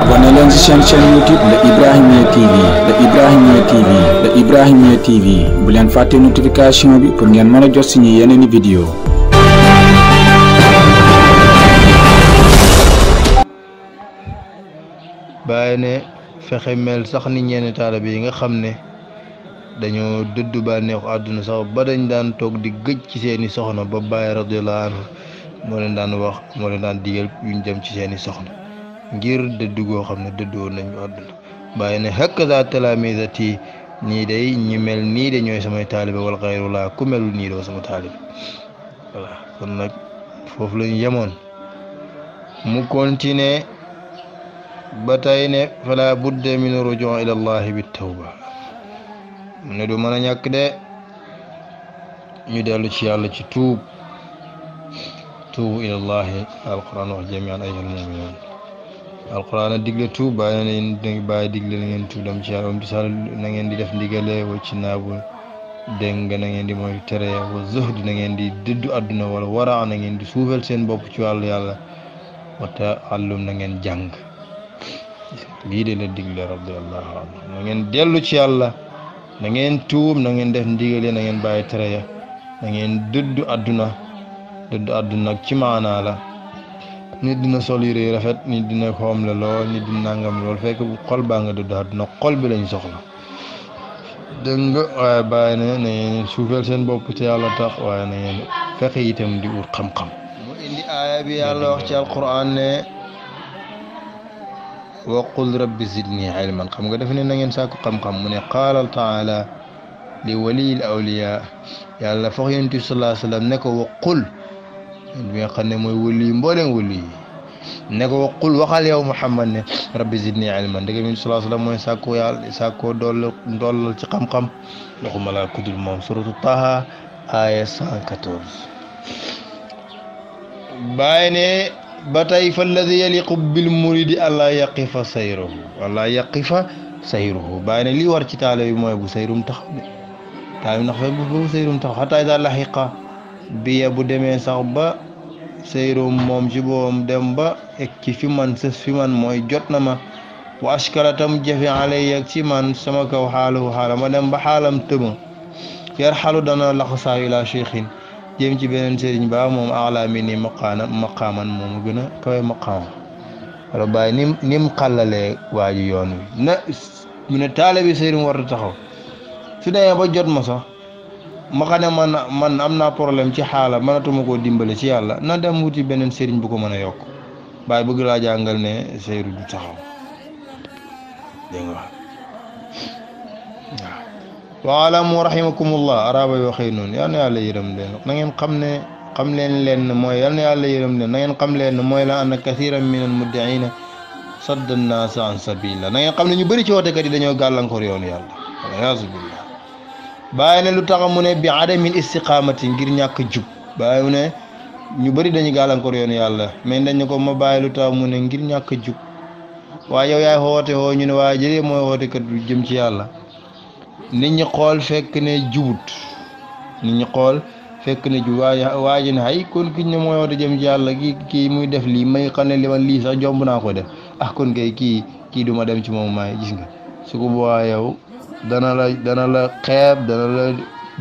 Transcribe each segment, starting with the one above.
abonné leen ci seen chaîne YouTube la Ibrahimiya TV la Ibrahimiya TV bu leen fàtte notification bi pour ngeen mën a jot suñu yeneeni vidéo bàyyi fexe mel sax ni ñenn taalibe yi nga xam ne dañoo dëdd bànneexu àdduna sax ba dañ daan toog di gëj ci seeni soxna ba bàyyi moo leen daan wax moo leen daan digal yuñ jëm ci seeni soxna ngir dëddu goo xam ne dëddoo nañu àdduna bàyyi ne hakaza ti nii day ñi mel nii de ñooy samay taalibe wala xayru ku melul nii doo sama taalibe voilà kon nag foofu lañu yemoon mu continuer ba tey ne fala budda min rujuun ila bi tawba ne du mën a de ñu dellu ci yàlla ci tuub fatubu ilallahi alquran wa jamian ayyuhal muminun alquran digle tu baye ne leen baye digle ngeen tu dam ci yaram na ngeen di def ndigale wo ci nabul deng na ngeen di mooy tere wo zuhd na ngeen di dudu aduna wala wara na ngeen di suufel seen bop ci walu yalla wata ta'allum na ngeen jang li de la digle rabbi Allah na ngeen delu ci yalla na ngeen tuum na ngeen def ndigale na ngeen baye tere ya na ngeen aduna dëddu àdduna ak ci maanaa la nit dina sol yére yu rafet nit dina xoom la lool nit dina nangam lool fekk bu xol baa nga dëddu àdduna xol bi lañ soxla dégg nga waaye bàyyi ne na ngeen suufeel seen bopp te yàlla tax waaye na ngeen fexe itam di ut xam-xam mu indi aaya bi yàlla wax ci alquran ne wa qul rabbi zidni ilman xam nga def ne na ngeen sàkku xam-xam mu ne qaala taala li waliyil awliya yàlla fox yonent bi sallallahu alayhi wa sallam ne ko wa qul bi nga xam ne mooy wëli yi mbooleem wëli yi ne ko qul waxal yow muhammad ne rabbi zidni ilman ndege mi sallallahu alayhi wasallam mooy sàkkoo yàlla sàkkoo doll dollal ci xam-xam waxuma laa kudul moom suratu taha aya 114 bàyyi ne ba tey fa alladi yaliqu bil muridi allah yaqifa sayruhu allah yaqifa sayruhu bàyyi ne lii war ci taale bi mooy bu sayrum taxaw ne taal bi ndax bu sayrum taxaw xataa daal laxiqa biya bu demee sax ba seyrum moom jiboom boobam dem ba ek ci fi man sës fi man mooy jot na ma wa ashkala tam jafe alay ak ci man sama kaw xaalahu xaala ma dem ba xaalam tëma yar xalu dana laxasaa ila cheikhin jëm ci beneen sëriñ ba moom ala mi ni maqaana maqaaman moomu gën a kawe maqaama wala bàyyi nim ni mu yoon wi na mu ne taale bi sëriñ war a taxaw su demee ba jot ma sax ma xam ne man man am naa problème ci xaala manatuma koo dimbale ci yàlla na dem wuti beneen seriñ bu ko mën a yokk bàyyi bëgg laa jàngal ne seyru du taxaw dégg nga waaw waalamu rahimakumullah araba yoo xëy noonu yal na yàlla yërëm leen na ngeen xam ne xam leen leen mooy yal yàlla yërëm leen na ngeen xam leen mooy la anna kathiran min al muddaina sadda nnaasa an sabila na ngeen xam ne ñu bëri ci wootekat yi dañoo gàllankoor yoonu yàlla wala yaasu billah bàyyi ne lu tax mu ne bi adamin istiqaamati ngir ñàkk jub bàyyi mu ne ñu bëri dañu gàllankoor yoonu yàlla mais dañ ne ko ma bàyyi lu tax mu ne ngir ñàkk jub waaye yow yaay xoote ñu ne waaye jëlee mooy xoote kat jëm ci yàlla nit ñi xool fekk ne jubut nit xool fekk ne jub waaye waaye ne xay kon ki ne mooy xoote jëm ci yàlla kii muy def lii may xam ne li ma lii sax jomb naa ko def ah kon kay kii kii duma dem ci moom maay gis nga su ko boobaa yow dana la dana la xeeb dana la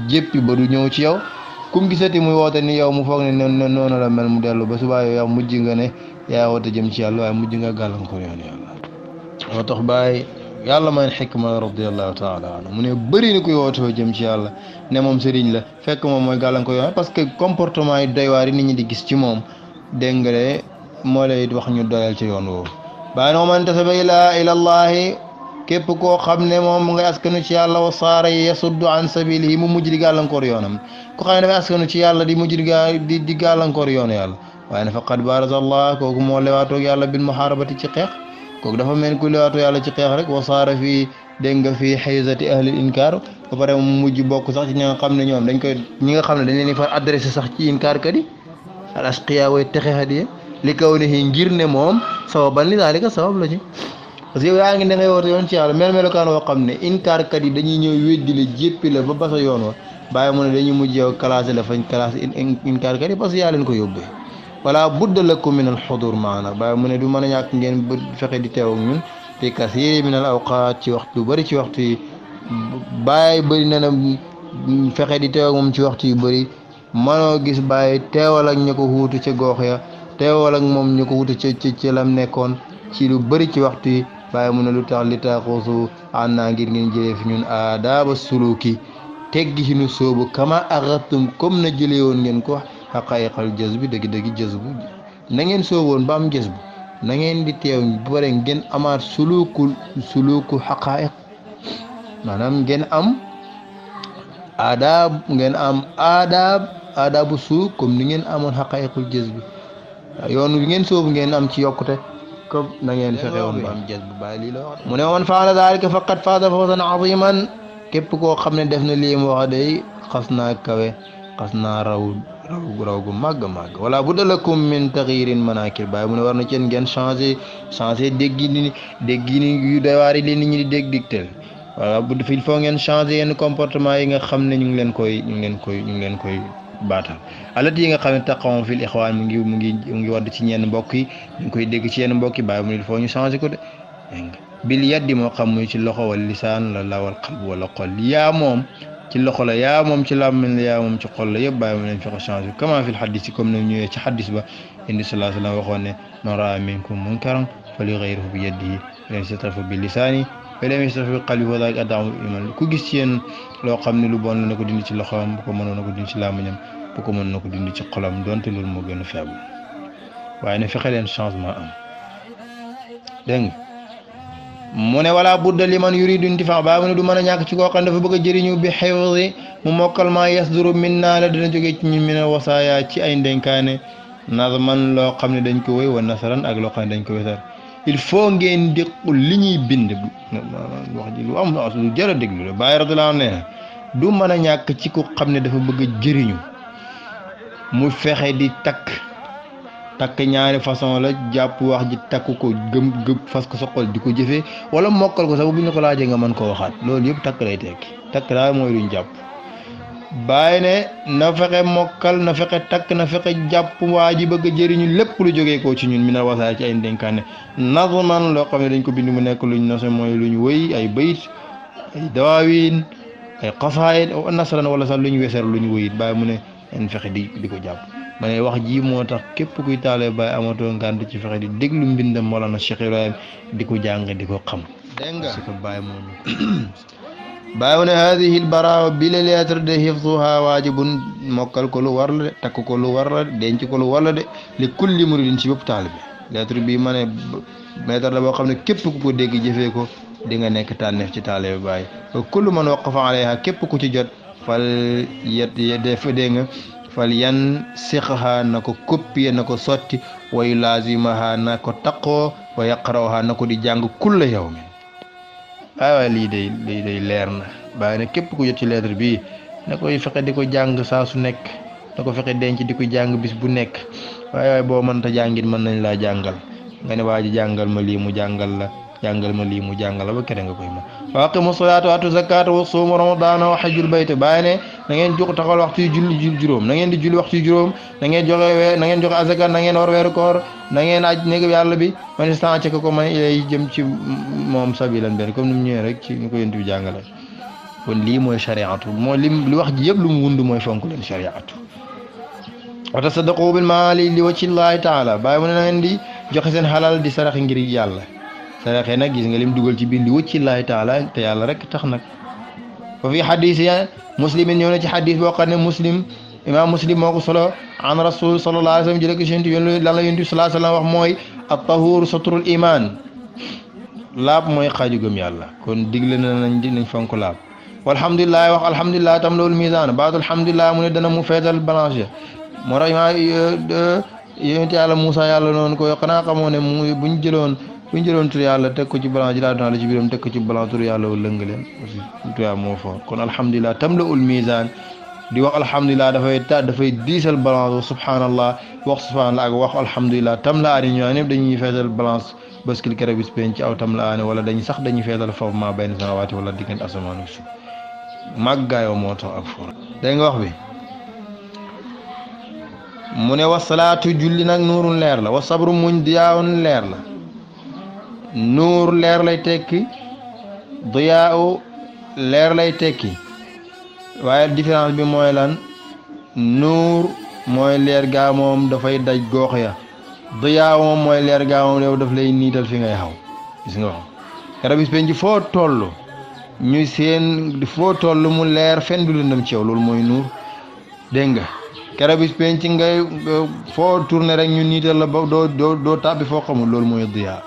jéppi ba du ñëw ci yow kum gisati muy woote ni yow mu foog ne noonu la mel mu dellu ba subaa yow yaa mujj nga ne yaa woote jëm ci yàlla waaye mujj nga gàllankoor yoon yàlla moo tax bàyyi yàlla may xikma radiallahu taala anhu mu ne bëri ni koy wootoo jëm ci yàlla ne moom sëriñ la fekk moom mooy gàllankoor yoon parce que comportement yi doy waar yi ñi di gis ci moom dégg nga de moo wax ñu doyal ci yoon woo bàyyi na man tasaba ilaa ilallaahi kep ko xamne mom nga askanu ci yalla wa sara yasuddu an sabilihi mu mujj di gàllankoor ko ku xam ne askanu ci yalla di mujj di di di gàllankoor yoonu yàlla waaye ne faqad barazallahu ko kooku moo lewaatoog yàlla bil muharabati ci xex ko dafa mel ku lewato yalla ci xex rek wa sara fi dégg fi hayzati ahli inkar ba pare mu mujj bok sax ci nga xamne ñom dañ koy ñi nga xamne dañ leen fa far sax ci inkar ka di al asqiya way taxe yi likawne ngir sababan li dalika sabab la ci parce que yaa ngi ne ngay woote yoon ci yàlla mel melukaan woo xam ne inkaarkat yi dañuy ñëw weddi la jéppi la ba basa yoon wa bàyyi mu ne dañuy mujj yow classé la fañ classé inkaarkat yi parce que yaa leen ko yóbbee wala budda lakum min al xudur maana bàyyi mu ne du mën a ñàkk ngeen bu fexe di teew ak ñun fi kasiri min al awqaat ci waxtu bëri ci waxtu yi bàyyi bëri na na fexe di teew ak moom ci yu bëri mënoo gis bàyyi teewal ak ñu ko wuutu ca goox ya teewal ak moom ñu ko wuutu ca ci ci lam nekkoon ci lu bëri ci waxtu yi bàyyi mu ne lu tax li taxuusu an naa ngir ngeen jëlee fi ñun aadaaba suluki teggi ci nu soobu kama axattum comme na jëlee woon ngeen ko xaqayiqal jës bi dëgg dëgg jës na ngeen sooboon ba am jës bu na ngeen di teew bu bare ngeen amaat suluku suluku xaqaayiq maanaam ngeen am aadaab ngeen am aadaab aadaabu suuk comme ni ngeen amoon xaqaayiqul jës bi yoon bi ngeen soobu ngeen am ci yokkute كب نعين فقيهم بام جد ببالي لو من يوم فعل ذلك فقد فاز فوزا عظيما كيف كو خمن دفن لي موادي خصنا كوي خصنا راو راو راو ماغ ماغ ولا بد لكم من تغيير مناكير باي من ورنا تشين ген شانجي شانجي ديغيني ديغيني يو دواري لي نيني ديغ ديكتل ولا بد في الفون ين شانجي ين كومبورتمان ييغا خمن نيغ لين كوي نيغ لين كوي نيغ لين كوي baata alati yi nga xam ne taqawoon fil ixwaan mu ngi mu ngi mu ngi wadd ci ñenn mbokk yi ngi koy dégg ci yenn mbokk yi bàyyi mu ne il faut ñu changé ko de bil yaddi moo xam muy ci loxo wala lisaan la lawal xalb wala xol yaa moom ci loxo la yaa moom ci làmmiñ la yaa moom ci xol la yëpp bàyyi mu ne fi ko changé kama fil xadis comme ni ñëwee ci xadis ba indi salaa salaam waxoon ne man raa minkum munkaran fali xayruhu bi yadihi si tarafa bi lisaani lam yastafii qalbi fa daalika ad'aful iimaan ku gis ci yéen loo xam ne lu bon la na ko dindi ci loxoom bu ko mënoon na ko dindi ci làmmiñam bu ko mën na ko dindi ci xolam donte loolu moo gën a faible fexe leen changement am dégg nga mu ne wala budda liman yuridu intifaa baa mu ne du mën a ñàkk ci koo xam dafa bëgg a jëriñu bi xewsi mu mokkal maa yasduru min naa la dina jógee ci ñu mina wasaaya ci ay ndenkaane nazman loo xam ne dañ ko wéy wa nasaran ak loo xam ne dañ ko wesar il faut ngeen di li ñuy bind wax ji lu am as lu jar a déglu la Baay radiyallaahu anhu nee du mën a ñàkk ci ko xam ne dafa bëgg jëriñu mu fexe di takk takk ñaari façon la jàpp wax ji takk ko gëm gëm fas ko sa xol di ko jëfe wala mokkal ko sax bu ñu ko laajee nga mën koo waxaat loolu yëpp takk lay tekki takk daal mooy luñ jàpp. bàyyi ne na fexe mokkal na fexe takk na fexe jàpp waa ji bëgg a jëriñu lépp lu jóge ko ci ñun mi na wasaare ci ay ndénkaane nazman loo xam ne dañ ko bind mu nekk luñ nase mooy luñ wëy ay bayit ay dawaawin ay xasaayit aw nasran wala sax luñ weser luñ wëyit bàyyi mu ne en fexe di di ko jàpp ma ne wax jii moo tax képp kuy taalee bàyyi amatoo ngànt ci fexe di déglu mbindam Mawlana Cheikh Ibrahim di ko jàng di ko xam dégg nga moo baaw ne haadihi lbaraawa bi la lettre de hifzuha waajibun mokkal ko lu war la de takk ko lu war de denc ko lu war la de li kulli muridin ci bépp taalibe lettre bi ma ne lettre la boo xam ne képp ku ko dégg jëfee ko di nga nekk tànneef ci taalibe Baay fa kullu man waqafa alayha képp ku ci jot fal yet def dégg nga fal yan siqha na ko koppiye na ko sotti wayu laazimaha na ko taqoo wa yaqrawaha na ko di jàng kulla yawmin ah waaye lii day lii day leer na bàyyi na képp ku jot ci lettre bi na koy fexe di ko jàng saa su nekk na ko fexe denc di ko jàng bis bu nekk waaye waaye boo mënta jàngit mën nañ laa jàngal nga ne waa ji jàngal ma lii mu jàngal la jàngal ma lii mu jàngala ba kere nga koy mën wa aqimu salaata wa atu zakaata wa suumu ramadaana wa xajul bayte ngeen jox taxawal waxtu yu julli juróom na ngeen di julli waxtu yu juróom na ngeen joxe we na ngeen joxe azaka na ngeen war weeru koor na ngeen aj néeg yàlla bi man istan ko man ilay jëm ci moom sabilan benn comme ni mu ñëwee rek ci nu ko yent bi jàngale kon lii mooy chariatu mooy lim li wax ji yëpp lu mu wund mooy fonk leen chariatu wa tasaddaqu bil maali li wajhi llaahi taala bàyyi mu ne na ngeen di joxe seen xalal di sarax ngir yàlla saraxe nag gis nga lim dugal ci biir li wëcci laay taala te yàlla rek tax nag fa fi xadis ya muslimin ñëw na ci xadis boo xam ne muslim imam muslim moo ko solo an rasul sallallahu alayhi wa sallam jëleko sent yon lan la yonent bi sallallahu alayhi wa sallam wax mooy at tahur satrul iman laab mooy xaaju gëm yàlla kon digle na nañ di nañ fonk laab walhamdulilah wax alhamdulilah tam loolu misaan baatu alhamdulilah mu ne dana mu feetal balance moo tax maa yonent yàlla Moussa yàlla noonu ko xanaa xamoo ne mu buñ jëloon bu ñu jëloon yàlla teg ko ci balance ji laa doon ci biiram teg ko ci balance tur yàlla wala lëngaleen aussi tuyaa moo foor kon alhamdulilah tam la ul misaan di wax alhamdulilah dafay ta dafay diisal balance wax subhanallah wax subhanallah ak wax alhamdulilah tam la aani ñoo ñëpp dañuy feesal balance baskil kere bis pen ci aw tam la aani wala dañuy sax dañuy feesal foofu maa benn samawaati wala diggante asamaan ak suuf màggaayoo moo tax ak foor dégg nga wax mu ne wasalaatu julli nag nuurun wa sabru muñ diyaawun la nuur leer lay tekki diyaawu leer lay tekki waaye différence bi mooy lan nuur mooy leer gaa moom dafay daj goox ya diyaawu moom mooy leer gaa moom yow daf lay niital fi ngay gis nga wax rabis penc foo toll ñu seen foo toll mu leer fenn du lëndëm ci yow loolu mooy nuur dégg nga kerabis penc ngay foo tourné rek ñu niital la ba doo doo doo tàbbi foo xamul loolu mooy diyaa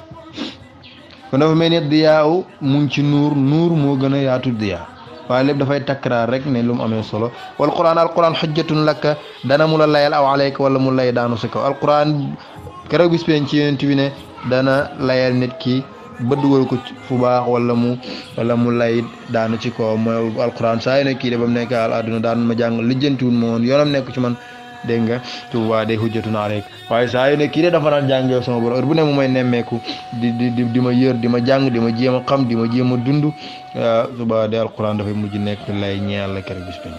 kon dafa mel ni diyaaw mu ngi ci nuur nuur moo gën a yaatu diyaa waaye lépp dafay takkaraar rek ne lu mu amee solo wal quran alquran xujjatun lakka dana mu la layal aw alayka wala mu lay daanu si kaw alquran keroog bis peen ci yonent bi ne dana layal nit ki ba dugal ko fu baax wala mu wala mu lay daanu ci kaw mooy alquran saa kii de ba mu nekk àdduna daan ma jàng lijjantiwul ma woon yoonam nekk ci man dégg nga tuuba day naa rek waaye saa yu ne kii de dafa daan jàngee sama borom heure bu ne mu may nemmeeku di di ma yër di ma jàng di ma jéem a xam di ma jéem a dund suba de alquran dafay mujj nekk lay ñeel la kër bis penc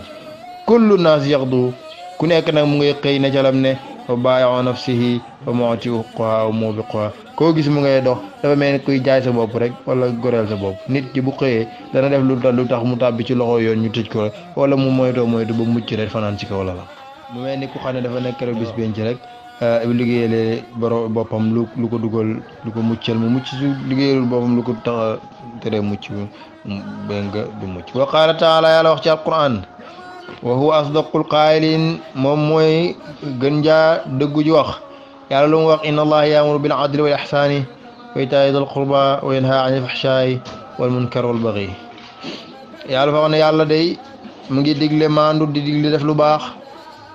kullu naas yaxdu ku nekk nag mu ngay xëy na calam ne fa baayaxoo nafsihi fa mooti moo bi qoha koo gis mu ngay dox dafa mel kuy jaay sa bopp rek wala goreel sa bopp nit ki bu xëyee dana def lu tax lu mu tàbbi ci loxo yoon ñu tëj ko wala mu moytoo moytu ba mucc rek fanaan ci kaw la la mu mel ni ku xam ne dafa nekk keroog ci rek eh, liggéeyale borom boppam lu lu ko dugal lu ko muccal mu mucc su liggéeyalul boppam lu ko tax tere mucc ba nga du mucc wa qaala taala yàlla wax ci alquran wa huwa asdaqul qaa'iliin moom mooy gën jaa dëggu ji wax yàlla lu mu wax inna allaha yaamuru bil adli wal ihsaani wa yi dil qurba wa yanhaa anil fahshaa'i day mu ngi digle maandu di digle def lu baax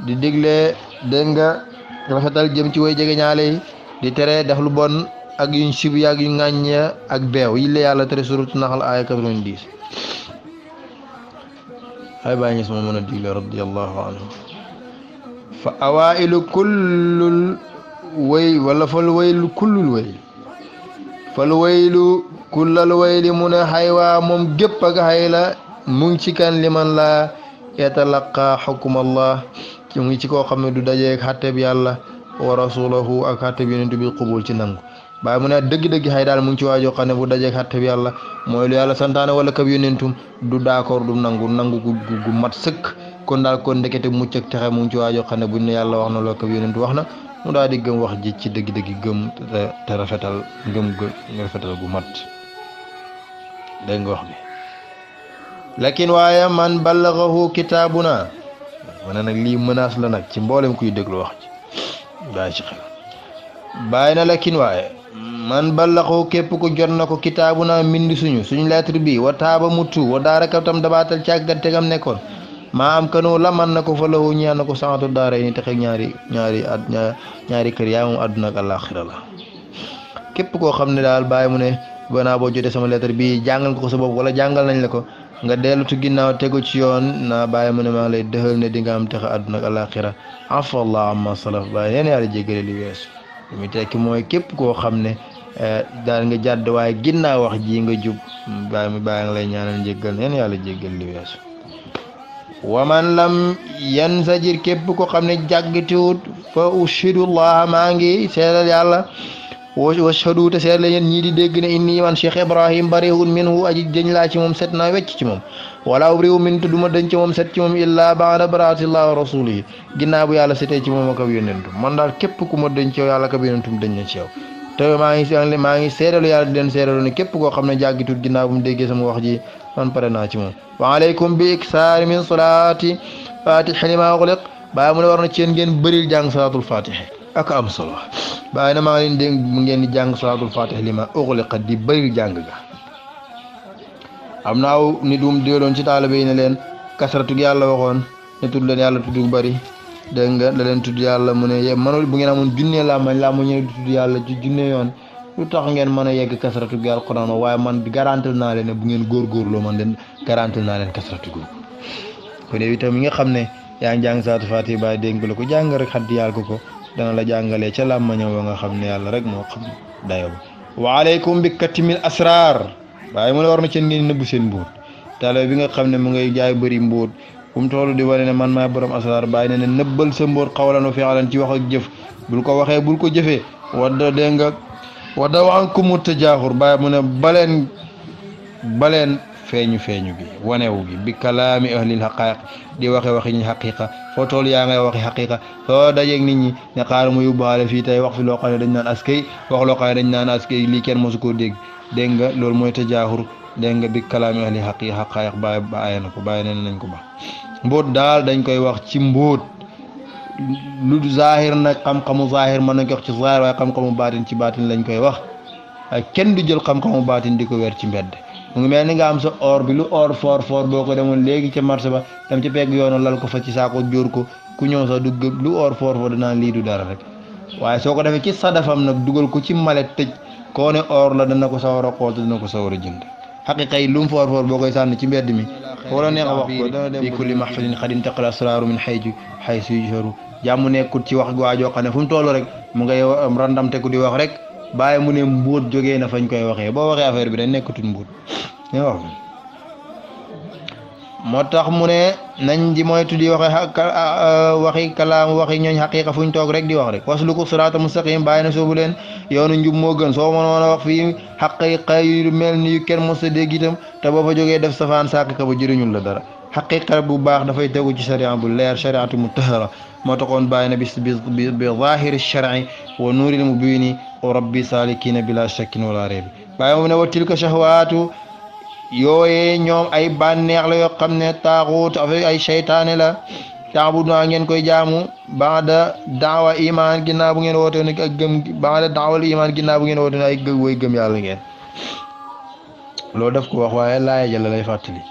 di digle denga nga rafetal jëm ci way di téré def lu bon ak yuñ sib yaag yuñ ngagne ak béw yi la yàlla tere suratu naxal aaya 90 ay bàyyi ngis moo mën a anhu fa awailu kullul way wala fal waylu kullul way fal waylu kullal wayli mun haywa mom gep ak hayla la mu ngi ci kan liman la yatalaqa hukum allah ki mu ngi ci koo xam ne du dajeeg xàtteeb yàlla wa rasulahu ak xàtteeb yonent bi xubul ci nangu bàyyi mu ne dëgg-dëgg xay daal mu ngi ci waajoo xam ne bu dajeeg xàtteeb yàlla mooy lu yàlla santaane wala kab yonentum du d'accord du nangu nangu gu mat sëkk kon daal kon ndekete mucc ak texe mu ngi ci waajoo xam ne buñ ne yàlla wax na loo kab yonentu wax na mu daal di gëm wax ji ci dëgg-dëgg gëm te rafetal gëm rafetal gu mat dégg nga wax bi lakin waaye man ballagahu kitaabuna ma nag lii mënaas la nag ci mboolem kuy déglu wax ci ci xel bàyyi na la kin waaye man ballaxoo képp ko jot na ko kitaabu naa mbind suñu suñu lettre bi wa taaba mu tu wa daaraka tam dabaatal càggante gam nekkoon maa am kanoo la man na ko fa lawu ñaan na ko sanatu daara yi ni texe ñaari ñaari at ñaari kër yaa moom àdduna ak àllaaxira la képp koo xam ne daal bàyyi mu ne banaa boo jotee sama lettre bi jàngal nga ko sa bopp wala jàngal nañ la ko nga dellutu ginnaaw tegu ci yoon naa bàyyi mu ne maa ngi lay ne di am tax aduna ak alaxira afallah amma salaf bàyyi leen yàlla jéggale li weesu li muy tekki mooy képp koo xam ne eh, daal nga jàdd waaye ginnaaw wax jii nga jub bàyyi mu bàyyi nga lay ñaanal jéggal yàlla jéggal li weesu lam yan sajir képp ko xam ne jàggitiwut fa ushidullaha maa ngi seedal yàlla wa shadu te seet la yéen ñii di dégg ne inni man Cheikh Ibrahim barihun minhu aji jëñ laa ci moom set naa wecc ci moom wala ubriu min duma denc ci moom illaa yàlla setee ci moom ak ab yonentum man daal képp ku ma denc yow yàlla ak ab na ci yow te maa ngi maa ngi seedalu yàlla di leen seedalu ne képp koo xam ne jàggitul ginnaaw bu mu déggee sama wax ji man pare naa ci moom wa aleykum bi min salaati fatihi lima ughliq baa mu ne war na ci yéen ngeen bëril jàng salaatul fatihi ak am solo bàyyi na maa ngi leen mu ngeen di jang suratul fatih lima, ughul di bari jang ga amnaaw ni dum deelon ci taalibe yi ne leen kasratug yàlla waxoon ne tudd len yalla tuddu bari de nga la len tuddu yalla mu ne manul bu ngeen amoon junne la ma la mu ñew tuddu yalla ci junne yon lu tax ngeen meuna yegg kasratu qur'an man garantil naa na len bu ngeen lo man leen na len kasratu gu ko ne itam yi nga xamne ya jang suratul fatih bàyyi dénk lu ko jang rek hadd yalla ko ko nga la jangale ci lamagne wa nga xamne yalla rek mo xam dayo wa alaykum bi katimil asrar baye mo ne war na ceen ngeen neub seen mbot taale bi nga xamne mo ngay jaay beuri mbot tolu di walene man ma borom asrar baye ne neubal nëbbal sa mbuut xawlan wa fi'lan ci wax ak jef bul ko waxe bul ko jefe wada de nga wada wa ankum tajahur baye mo ne balen balen feñu feñu bi wonewu bi bi di waxe waxi ni haqiqa foo tool yaa ngay waxi xaqiqa soo dajeeg nit ñi ne xaar mu yóbbaale fii tey wax fi loo xam ne dañ naan askay wax dañ naan askay lii kenn mosu koo dégg dégg nga loolu mooy tajaaxur dégg nga bi kalaami ahli xaqi xaqaayiq ba bàyyi na ko bàyyi ne nañ ko ba mbóot daal dañ koy wax ci mbóot lu zaahir nag xam-xamu zaahir mën nañ ko wax ci zaahir waaye xam-xamu baatin ci baatin lañ koy wax kenn du jël xam-xamu baatin di ko weer ci mbedd mu ngi mel ni nga am sa or bi lu or for for boo ko demoon léegi ca marché ba dem ca pegg yoonu lal ko fa ci saako jóor ko ku ñëw sax du gëb lu or for for dinaan lii du dara rek waaye soo ko defee ci sadafam nag dugal ko ci malet tëj koone ne la dana ko sawar a xool te dana ko sawar a jënd xaqiqa yi lu mu foor foor boo koy sànni ci mbedd mi foo la neex a wax ko dana dem bi kulli mahfilin xadin taqal asraaru min xayju xay suy joru jàmm nekkut ci wax waajoo xam ne fu mu toll rek mu ngay randamte ku di wax rek bàyyi mu ne mbóot jógee na fañ koy waxee boo waxee affaire bi de nekkatul mbóot moo tax mu ne nañ di moytu di waxe waxi kalaam waxi ñooñ xaqiqa fuñ toog rek di wax rek lu ko siraata mustaqim bàyyi na soobu leen yoonu njub moo gën soo mënoon a wax fii xaqiqa yu mel nii kenn mos a dégg itam te boo fa jógee def safaan sàkk ka ba jëriñul la dara xaqiqa bu baax dafay tegu ci sharia bu leer mu mutahara moo taxoon bàyyi na bi bi bi zahiri sharci wa nuuril mubiini o rabbi salikina bila shakkin wala reebi bàyyi mu ne wa tilka shahwaatu yooyee ñoom ay bànneex la yoo xam ne taaxuut ay seytaane la taabudu naa ngeen koy jaamu baada daawa imaan ginnaaw bu ngeen woote ak gëm baada daawal iman bu ngeen woote ay gëm way gëm yàlla ngeen wax waaye laaya jëla lay fàttali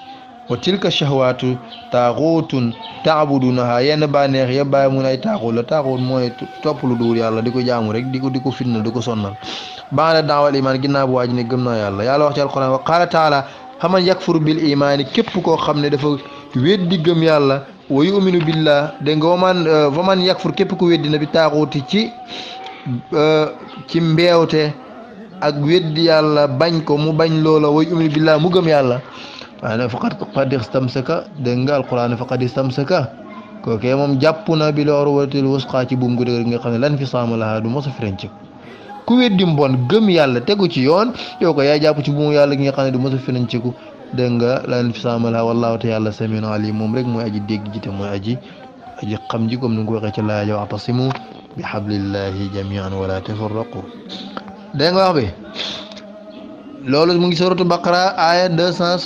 wa tilka shahwaatu taaxootun taabudunaha yenn bànneex ya bàyyi mun ay taaxoot la taaxoot mooy topp lu duur yàlla di ko jaamu rek di ko di ko fitna di ko sonnal baana daawal imaan ginnaaw bu waaj ne gëm naa yàlla yàlla wax ci alquran wa qaala taala xaman yakfuru bil imaani képp koo xam ne dafa weddi gëm yàlla wa yuminu billah dégg nga waman euh, waman yakfur képp ku weddi na bi taaxuuti ci euh, ci ak weddi yàlla bañ ko mu bañ loola wa yuminu ana faqad istamsaka dégg nga alquran faqad istamsaka kooke moom jàpp na bi loor watil wusqaa ci buum gu dëgër nga xam ne lan fi saama lahaa du mos a firanci ku weddi mbon gëm yàlla tegu ci yoon yow ko yaay jàpp ci buumu yàlla gi nga xam ne du mos a firanci ku dégg nga lan fi saama lahaa wallaahu te yàlla samiin alim moom rek mooy aji dégg ji te mooy aji aji xam ji comme ni nga ko waxee ci laa yow atasimu bi hablillahi jamian wala tafarraqu dégg nga wax bi loolu mu ngi suratu baqara aaya deux cent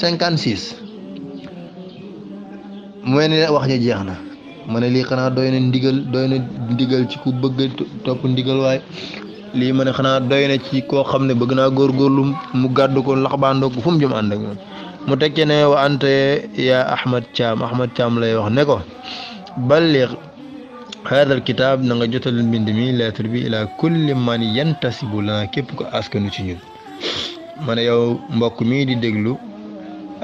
cinquante six mu ne wax ja jeex na ma ne lii xanaa doy na ndigal doy na ndigal ci ku bëgg topp ndigal waaye lii ma ne xanaa doy na ci koo xam ne bëgg naa góorgóorlu mu gàddu ko laxbaandoo ko fu mu jëm ànd ak moom mu tekkee ne wa ante yaa Ahmad Thiam Ahmad Thiam lay wax ne ko balliq haadal kitaab na nga jotal mbind mi lettre bi ila kulli man yantasibu lana képp ko askanu ci ñun ma ne yow mbokk mii di déglu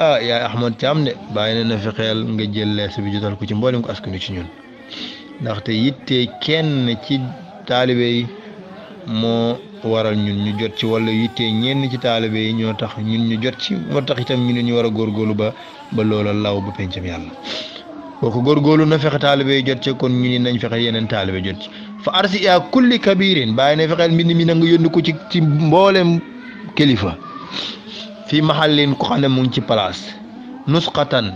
ah yaay Ahmad Thiam de bàyyi na na fexeel nga jël lees bi jotal ko ci mboolem ko askanu ci ñun ndaxte yitte kenn ci taalibe yi moo waral ñun ñu jot ci wala yitte ñenn ci taalibe yi ñoo tax ñun ñu jot ci moo tax itam ñu ne ñu war a góorgóorlu ba ba loola law ba pencam yàlla boo ko góorgóorlu na fexe taalibe yi jot ci kon ñu ni nañ fexe yeneen taalibe jot ci fa arsi yaa kulli kabirin bàyyi na fexeel mbind mi na nga ko ci kilifa fi maxallin ko xam ne mu ngi ci place nusqatan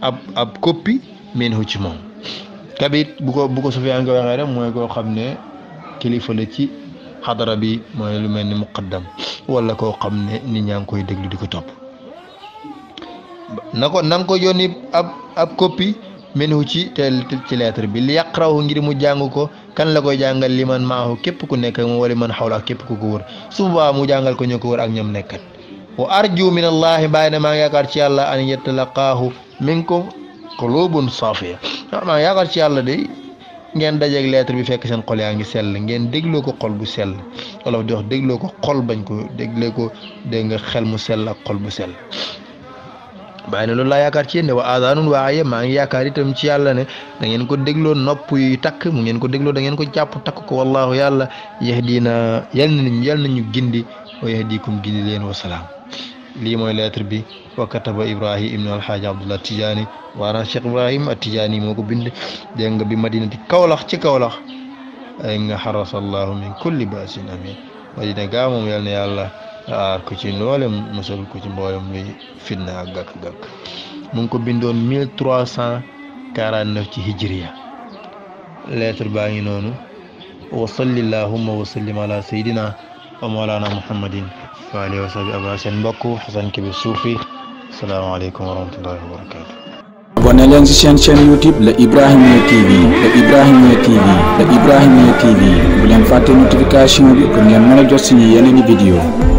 ab ab koppi minhu ci moom kabit bu ko bu ko sufiyaan waxee rek mooy koo xam ne kilifa la ci xadara bi mooy lu mel ni muqaddam wala koo xam ne nit ñaa ngi koy déglu di ko topp na ko na ko yónni ab ab koppi min hu ci tel ci lettre bi li yaqrahu ngir mu jang ko kan la koy jangal liman ma hu kep ku nek mo wala man hawla kep ku ko suba mu jangal ko ñu wor ak ñam nekkat wa arju min allah bayna ma yaqar ci allah an yatlaqahu minkum qulubun safiya ma yaqar ci allah de ngeen ak lettre bi fekk seen xol yaa ngi sell ngeen deglo ko xol bu sel wala dox deglo ko xol bañ ko degle ko de nga xel mu sel ak xol bu sel bàyyi ne loolu laa yaakaar ci yéen ne wa aadaanun waaye maa ngi yaakaar tam ci yàlla ne da ngeen ko dégloo nopp yuy takk mu ngeen ko dégloo da ngeen ko jàpp takk ko wallaahu yàlla yahdina yal nañu yal nañu gindi wa yahdikum gindi leen wa lii mooy lettre bi wa kataba Ibrahim ibnu alxaaji Abdullah Tijaani waana Cheikh Ibrahim a Tijaani moo ko bind dégg nga bi madinati Kawlax ci Kawlax ay nga xarasallaahu min kulli baasin amin madina gaa moom yàlla aar ku ci loolem musal ko ci mboolem luy fitna ak gàkk-gàkk mu ngi ko bindoon 1349 ci hijriya lettre baa ngi noonu wa salli llahumma wa sallim ala sayidina wa mawlana muhammadin wa alihi wa sahbi aba seen mbokk xasan kebe suufi asalaamaaleykum wa rahmatullahi wa barakatu abonné leen ci seen chaîne youtube la Ibrahimiya TV la Ibrahimiya TV la Ibrahimiya TV bu leen fàtte notification bi pour ngeen mën a jot suñu yeneen i vidéo